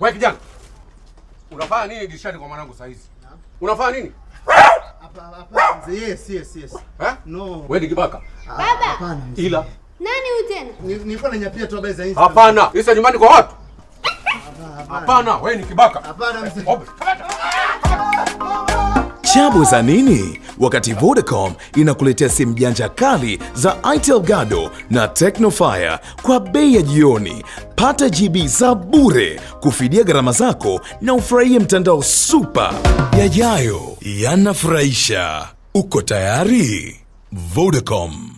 Wewe kijana. Unafanya nini dirishani kwa mwanangu saa hizi? Unafanya nini? Hapa hapa mzee. Yes, yes, yes. Eh? No. Wewe ni kibaka. Ah, Baba. Hapana. Ila nani huyu tena? Nilikuwa nyapia tu habari za Insta. Hapana. Insta nyumbani kwa watu. Hapana, wewe ni kibaka. Hapana mzee. Chabu za nini? Wakati Vodacom inakuletea simu janja kali za Itel Gado na Tecnofire kwa bei ya jioni pata GB za bure kufidia gharama zako na ufurahie mtandao super. Yajayo yanafurahisha. Uko tayari? Vodacom.